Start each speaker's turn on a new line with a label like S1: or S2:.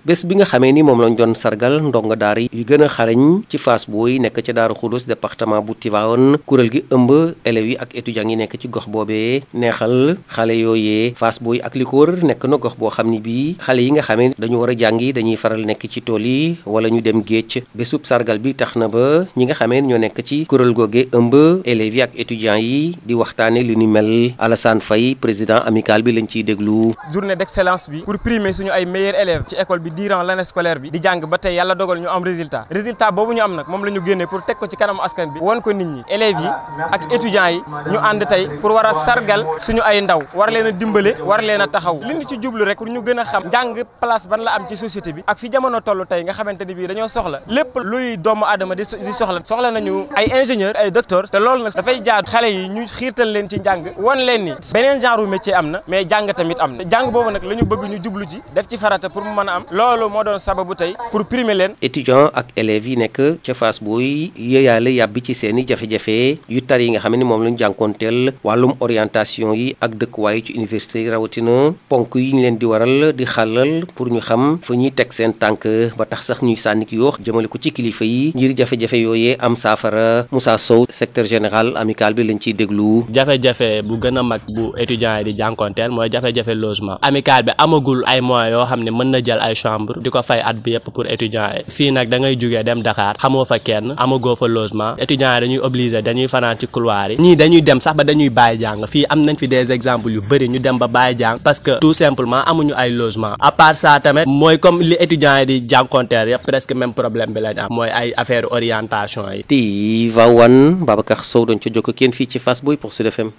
S1: bés bi nga xamee ni moom lañ doon sargal ndongo daara yi gën a xarañ ci Fass Boye nekk ca Daaru Xudus département bu Tivaouane kuréel gi ëmb élèves yi ak étudiants yi nekk ci gox boobee neexal xale yooyee Fass Boye ak likoor nekk na gox boo xam ni bii xale yi nga xamee dañu war a yi dañuy faral nekk ci tool yi wala ñu dem géej bésub sargal bi tax na ba ñi nga xamee ñoo nekk ci kuréel googee ëmb élèves yi ak étudiants yi di waxtaane li ni mel Alassane Faye président amical bi lañ ciy déglu
S2: bi durant l'année scolaire bi di jàng ba tey yàlla dogal ñu am résultat résultat boobu ñu am nag moom la ñu génnee pour teg ko ci kanamu askan bi won ko nit ñi élèves yi ak étudiants yi ñu ànd tey pour war a sargal suñu ay ndaw war leen a dimbale war leen a taxaw li ñu ci jublu rek pour ñu gën a xam njàng place ban la am ci société bi ak fi jamono toll tey nga xamante ni bii dañoo soxla lépp luy doomu adama di soxla soxla nañu ay ingénieur ay docteur te loolu nag dafay jaar xale yi ñu xiirtal leen ci njàng won leen ni beneen genre métier am na mais jàng tamit am na jàng boobu nag la ñu bëgg ñu jublu ci loolu moo doon sababu tey
S1: pour primer leen. étudiants ak élèves yi nekk ca Fass Boye yéeyaale yàbbi ci seen i jafe-jafe yu tar yi nga xam ne moom lañu jànkoonteel wàllum orientation yi ak dëkkuwaay ci université yi rawatina ponk yi ñu leen di waral di xàllal pour ñu xam fa ñuy teg seen tànk ba tax sax ñuy sànni ki yoo jëmale ko ci kilifa yi ngir jafe-jafe yooyee am saafara Moussa Sow secteur général amical bi lañ ciy déglu. jafe-jafe bu gën a mag
S3: bu étudiants yi di chambre di ko fay at bi yëpp pour étudiants yi fii nag da ngay dem Dakar xamoo fa kenn amagoo fa logement étudiants yi dañuy obligé dañuy fanaan ci couloir yi ñii dañuy dem sax ba dañuy bàyyi jàng fii am nañ fi des exemples yu bëri ñu dem ba bàyyi jàng parce que tout simplement amuñu ay logement à part tamit mooy comme li étudiants yi di jànkonteer yëpp presque même problème bi lañ am mooy ay affaire orientation yi.
S1: Tivaouane Babacar Sow dañ ci jokk kenn
S3: fii